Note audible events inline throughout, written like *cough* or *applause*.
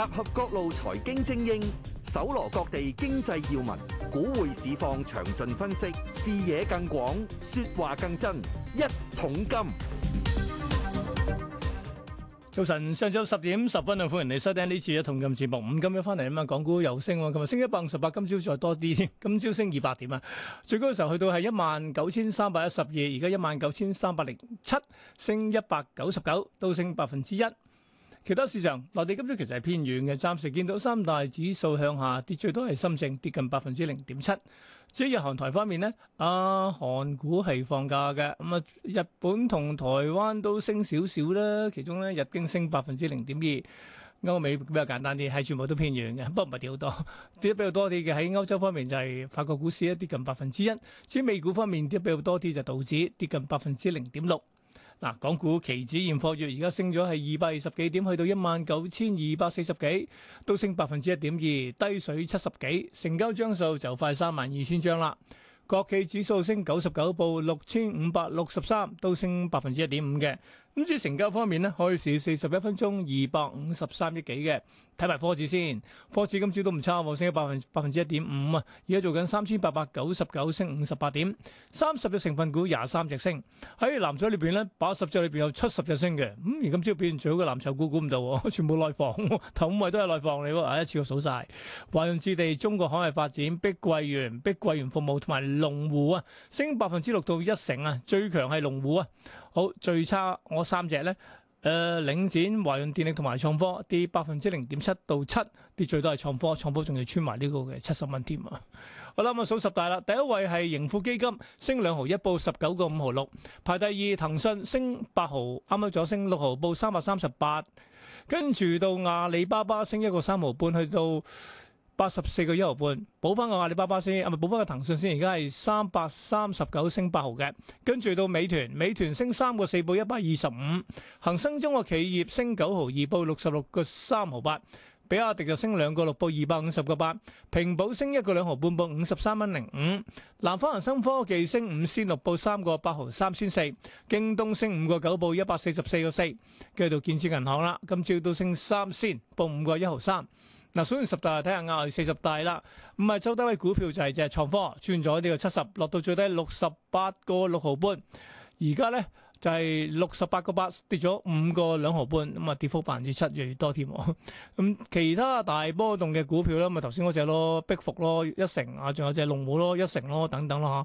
集合各路財經精英，搜羅各地經濟要聞，股匯市況詳盡分析，視野更廣，說話更真。一桶金，早晨。上晝十點十分啊，歡迎你收聽呢次嘅一桶金節目。五今日翻嚟啊嘛，港股又升喎，今日升一百五十八，今朝再多啲，今朝升二百點啊，最高嘅時候去到係一萬九千三百一十二，而家一萬九千三百零七，升一百九十九，都升百分之一。其他市場，內地今朝其實係偏軟嘅，暫時見到三大指數向下跌，最多係深證跌近百分之零點七。至於日韓台方面咧，啊韓股係放假嘅，咁啊日本同台灣都升少少啦。其中咧日經升百分之零點二，歐美比較簡單啲，係全部都偏軟嘅，不過唔係跌好多，跌得比較多啲嘅喺歐洲方面就係法國股市跌近百分之一。至於美股方面跌比較多啲就係道指跌近百分之零點六。嗱，港股期指現貨月而家升咗係二百二十幾點，去到一萬九千二百四十幾，都升百分之一點二，低水七十幾，成交張數就快三萬二千張啦。國企指數升九十九報六千五百六十三，6563，都升百分之一點五嘅。咁至成交方面咧，可以試四十一分鐘二百五十三億幾嘅。睇埋科指先，科指今朝都唔差喎，升咗百分百分之一點五啊！而家做緊三千八百九十九，升五十八點，三十隻成分股廿三隻升喺藍籌裏面咧，八十隻裏面有七十隻升嘅。咁而今朝表現最好嘅藍籌股估唔到喎，全部內房，頭五位都係內房嚟喎，一次過數晒：華潤置地、中國海外發展、碧桂園、碧桂園服務同埋龍湖啊，升百分之六到一成啊，最強係龍湖啊！好最差我三隻咧，誒、呃、領展、華潤電力同埋創科跌百分之零點七到七，跌最多係創科，創科仲要穿埋呢個嘅七十蚊添啊！好啦，咁啊數十大啦，第一位係盈富基金升兩毫一報十九個五毫六，排第二騰訊升八毫，啱啱咗升六毫報三百三十八，跟住到阿里巴巴升一個三毫半去到。八十四個一毫半，補翻個阿里巴巴先，啊咪補翻個騰訊先，而家係三百三十九升八毫嘅。跟住到美團，美團升三個四報一百二十五，恒生中國企業升九毫二報六十六個三毫八，比亞迪就升兩個六報二百五十個八，平保升一個兩毫半報五十三蚊零五，南方恒生科技升五先六報三個八毫三千四，京東升五個九報一百四十四個四，繼續到建設銀行啦，今朝都升三先報五個一毫三。嗱，所以十大睇下啱係四十大啦。咁啊，周低位股票就係隻係創科，穿咗呢個七十，落到最低六十八個六毫半。而家咧就係六十八個八，跌咗五個兩毫半，咁啊跌幅百分之七越嚟越多添。咁其他大波動嘅股票咧，咪頭先嗰隻咯，碧服咯一成啊，仲有隻龍虎咯一成咯，等等咯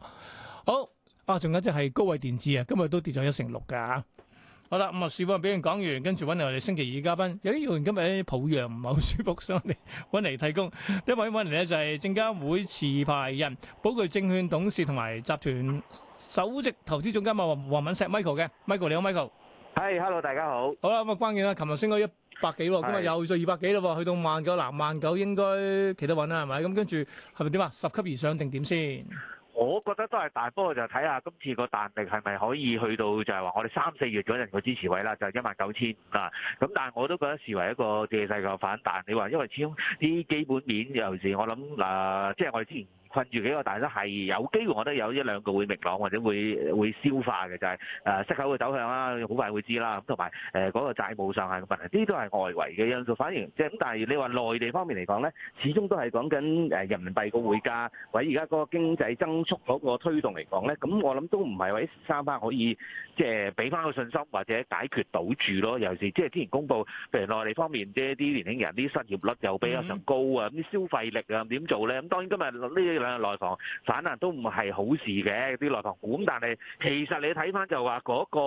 嚇。好啊，仲有一隻係高位電子啊，今日都跌咗一成六噶。好啦，咁啊，樹哥俾人講完，跟住揾嚟我哋星期二嘅嘉賓。有啲要員今日啲抱恙唔係好舒服，想嚟揾嚟提供。第一位揾嚟咧就係證監會持牌人、保具證券董事同埋集團首席投資總監嘛，黃敏碩 Michael 嘅。Michael 你好，Michael。係、hey,，hello，大家好。好啦，咁啊，關鍵啦，琴日升咗一百幾喎，今日又再二百幾喎。去到萬九嗱，萬九應該企得穩啦，係咪？咁跟住係咪點啊？十級以上定點先？我覺得都係大波，就睇下今次個彈力係咪可以去到就係話我哋三四月嗰陣個支持位啦，就係一萬九千五。咁但係我都覺得視為一個借勢嘅反彈。你話因為始終啲基本面，尤其是我諗嗱，即、呃、係、即係我哋之前。困住幾個大，大係都係有機會，我覺得有一兩個會明朗或者會會消化嘅，就係、是、誒息口嘅走向啦，好快會知啦。咁同埋誒嗰個債務上限嘅問題，呢啲都係外圍嘅因素。反而即係，但係你話內地方面嚟講咧，始終都係講緊誒人民幣嘅匯價，或者而家嗰個經濟增速嗰個推動嚟講咧，咁我諗都唔係話一時三刻可以即係俾翻個信心或者解決到住咯。尤其是即係之前公布譬如內地方面，即係啲年輕人啲失業率又比較上高啊，咁消費力啊點做咧？咁當然今日呢？啊，內房反彈都唔係好事嘅啲內房股，咁但係其實你睇翻就話嗰個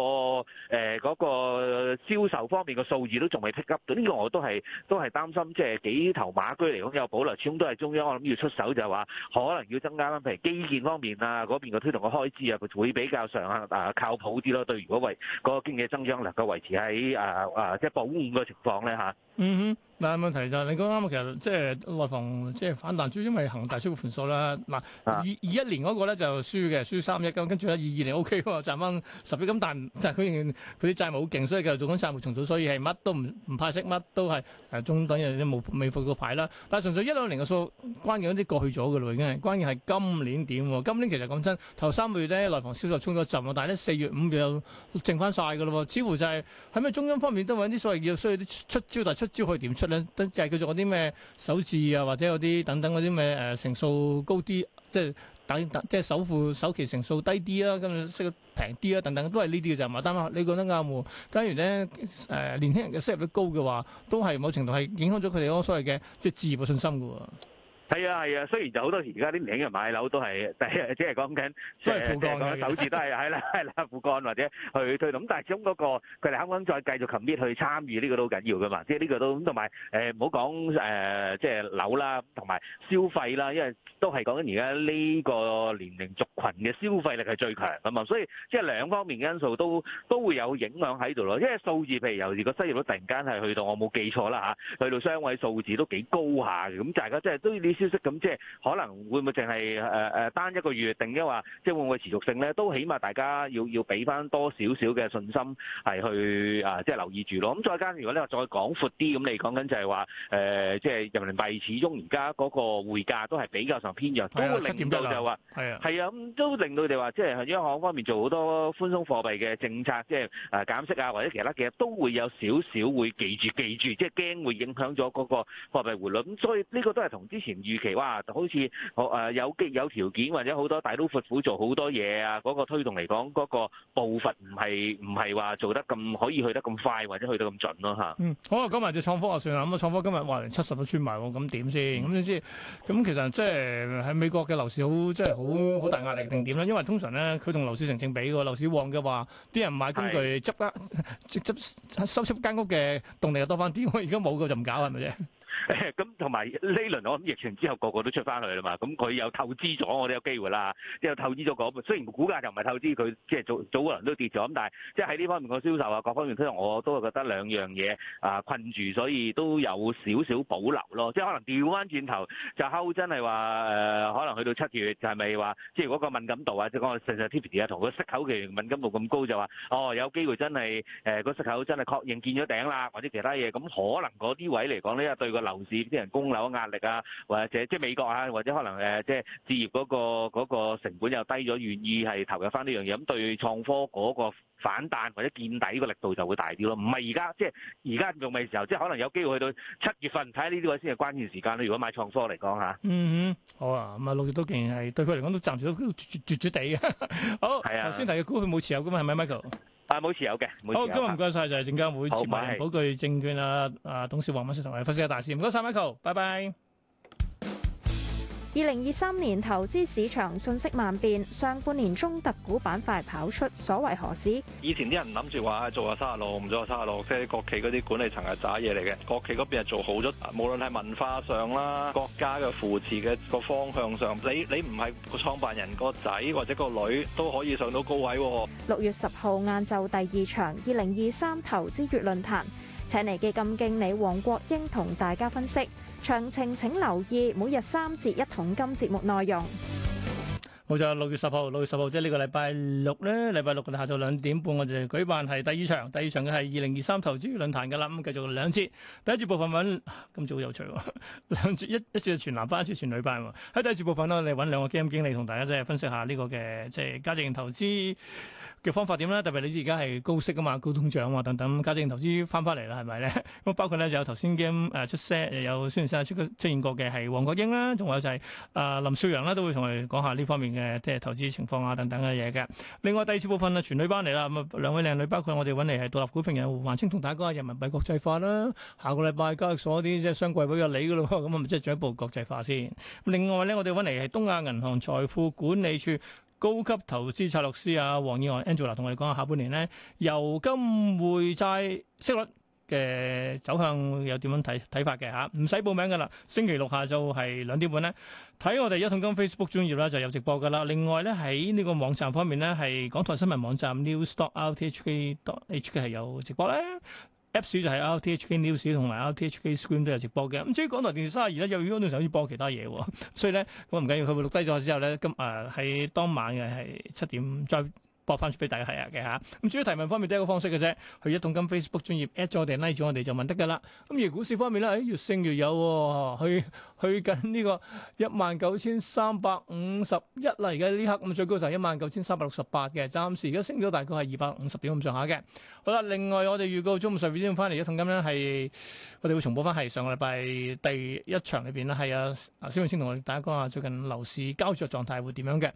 誒嗰個銷售方面嘅數字都仲未 pick up，呢個我都係都係擔心，即係幾頭馬車嚟講有保留，始終都係中央，我諗要出手就係話可能要增加翻，譬如基建方面啊嗰邊嘅推動嘅開支啊，會比較上啊啊靠譜啲咯。對，如果維個經濟增長能夠維持喺啊啊即係保五嘅情況咧嚇，嗯哼。嗱問題就係你講啱其實即係內房即係反彈，主要因為恒大出個盤數啦。嗱，二二一年嗰個咧就輸嘅，輸三億金，跟住咧二二年 O K 喎，就賺翻十億金但，但但佢佢啲債冇勁，所以繼續做緊債務重組，所以係乜都唔唔派息，乜都係、啊、中等嘅啲冇未復到牌啦。但係純粹一兩年嘅數，關鍵嗰啲過去咗嘅咯，已經係關鍵係今年點。今年其實講真，頭三個月咧內房銷售衝咗一陣喎，但係咧四月五月又剩翻晒嘅咯喎，似乎就係喺咩中央方面都搵啲所謂要需要啲出招，但係出招可以點出？兩就係叫做嗰啲咩首置啊，或者有啲等等嗰啲咩誒成數高啲，即係等等，即係首付首期成數低啲啦、啊，咁樣識得平啲啊，等等都係呢啲嘅就係買單啦。你覺得啱喎？假如咧誒、呃、年輕人嘅失業率高嘅話，都係某程度係影響咗佢哋嗰個所謂嘅即係置業信心嘅喎、啊。係啊係啊，雖然就好多時而家啲年輕人買樓都係第一，即係講緊誒，首次都係係啦係啦，父幹或者去推動。咁但係總嗰、那個佢哋肯唔肯再繼續 commit 去參與呢、這個都好緊要㗎嘛。即係呢個都咁同埋誒唔好講誒，即係、呃呃就是、樓啦，同埋消費啦，因為都係講緊而家呢個年齡族群嘅消費力係最強啊嘛。所以即係、就是、兩方面因素都都會有影響喺度咯。因、就、為、是、數字譬如由而個失業率突然間係去到我冇記錯啦嚇，去到雙位數字都幾高下嘅。咁大家即係都啲。消息咁即係可能會唔會淨係誒誒單一個月定話，定抑話即係會唔會持續性咧？都起碼大家要要俾翻多少少嘅信心係去啊，即係留意住咯。咁再加，如果你話再廣闊啲，咁你講緊就係話誒，即係人民幣始終而家嗰個匯價都係比較上偏弱，都會令到就話係啊，係啊，咁都令到佢哋話即係央行方面做好多寬鬆貨幣嘅政策，即係誒減息啊，或者其他嘅，都會有少少會記住記住，即係驚會影響咗嗰個貨幣匯率。咁所以呢個都係同之前預期哇，好似誒、呃、有機有，有條件，或者好多大刀闊斧做好多嘢啊！嗰、那個推動嚟講，嗰、那個步伐唔係唔係話做得咁可以去得咁快，或者去得咁準咯吓，嗯，好啊，講日就創科啊，算啦。咁啊，創科今日話連七十都穿埋喎，咁點先？咁你知咁其實即係喺美國嘅樓市好，即係好好大壓力定點咧？因為通常咧，佢同樓市成正比嘅喎。樓市旺嘅話，啲人買工具執間執收執間屋嘅動力又多翻啲。我而家冇佢就唔搞係咪啫？是咁同埋呢輪我諗疫情之後個個都出翻去啦嘛，咁佢又透支咗，我都有機會啦。即係透支咗講，雖然股價就唔係透支，佢即係早早個輪都跌咗。咁但係即係喺呢方面個銷售啊，各方面都，我都係覺得兩樣嘢啊困住，所以都有少少保留咯。即係可能掉翻轉頭就後真係話誒，可能去到七月就係咪話即係嗰個敏感度啊，即係 sensitivity 啊，同個息口嘅敏感度咁高，就話哦，有機會真係誒個息口真係確認見咗頂啦，或者其他嘢咁，可能嗰啲位嚟講咧對個。樓市啲人供樓壓力啊，或者即係美國啊，或者可能誒即係置業嗰個嗰個成本又低咗，願意係投入翻呢樣嘢，咁對創科嗰個反彈或者見底個力度就會大啲咯。唔係而家即係而家仲未時候，即係可能有機會去到七月份睇下呢啲位先係關鍵時間。你如果買創科嚟講嚇，嗯嗯，好啊，咁啊，六月都仍然係對佢嚟講都暫時都絕絕絕絕地嘅。好，頭先、啊、提嘅股佢冇持有噶嘛，係咪 Michael？但、啊、冇持有嘅，好，今日唔該晒，就係證監會前保具證券啦、啊。董事黃先生同埋分析師大師，唔該晒，Michael，拜拜。二零二三年投資市場瞬息萬變，上半年中特股板塊跑出，所為何事？以前啲人諗住話做下三亞路，唔做下三亞路，即係國企嗰啲管理層係渣嘢嚟嘅。國企嗰邊係做好咗，無論係文化上啦，國家嘅扶持嘅個方向上，你你唔係個創辦人個仔或者個女都可以上到高位。六月十號晏晝第二場二零二三投資月論壇，請嚟基金經理黃國英同大家分析。詳情請留意每日三節一桶金節目內容。冇錯，就係六月十號，六月十號即係呢個禮拜六咧，禮拜六嘅下晝兩點半，我哋舉辦係第二場，第二場嘅係二零二三投資論壇嘅啦。咁繼續兩節，第一節部分揾今次好有趣，兩節一一節全男班，一節全女班喎。喺第一節部分咧，我哋揾兩個基金經理同大家即係分析下呢個嘅即係家政投資嘅方法點咧？特別你知而家係高息啊嘛，高通脹啊嘛等等，家政投資翻返嚟啦，係咪咧？咁 *laughs* 包括咧有頭先嘅誒出 set，又有先陣時出，出現過嘅係黃國英啦，仲有就係、是、誒、呃、林少陽啦，都會同佢講下呢方面嘅即係投資情況啊等等嘅嘢嘅。另外第二次部分啊，全女班嚟啦，咁啊兩位靚女，包括我哋揾嚟係獨立股評人胡煥清同大家講下人民幣國際化啦。下個禮拜交易所啲即係雙季報有你噶咯喎，咁啊咪即係進一步國際化先。另外咧，我哋揾嚟係東亞銀行財富管理處，高級投資策略師啊，黃以岸 Angela 啦，同我哋講下下半年咧，油金匯債息率嘅走向有點樣睇睇法嘅吓，唔使報名噶啦，星期六下晝係兩點半咧，睇我哋一桶金 Facebook 專業啦，就有直播噶啦。另外咧喺呢個網站方面咧，係港台新聞網站 news.rthk.hk 係有直播咧。Apps 就係、是、RTHK News 同埋 RTHK Screen 都有直播嘅。咁至於港台電視三十二咧，由於嗰段時候要播其他嘢，所以咧咁唔緊要，佢會錄低咗之後咧，今啊喺、呃、當晚嘅係七點再。播翻出俾大家睇下嘅吓，咁、啊、主要提問方面都係一個方式嘅啫。去一桶金 Facebook 專頁 at 咗我哋，拉咗我哋就問得噶啦。咁、啊啊啊、而股市方面咧，誒、哎、越升越有喎、啊。去去緊呢個一萬九千三百五十一啦，而家呢刻咁最高就一萬九千三百六十八嘅。暫時而家升咗大概係二百五十點咁上下嘅。好啦，另外我哋預告中午十二點翻嚟一桶金咧，係我哋會重播翻係上個禮拜第一場裏邊咧，係啊，小慧先同我哋大家講下最近樓市交作狀態會點樣嘅。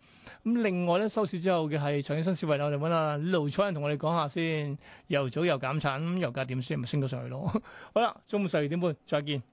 咁、啊、另外咧收市之後嘅係長江新。找找我哋揾阿盧彩欣同我哋講下先，又早又減產，咁油價點先咪升到上去咯？好啦，中午十二點半，再見。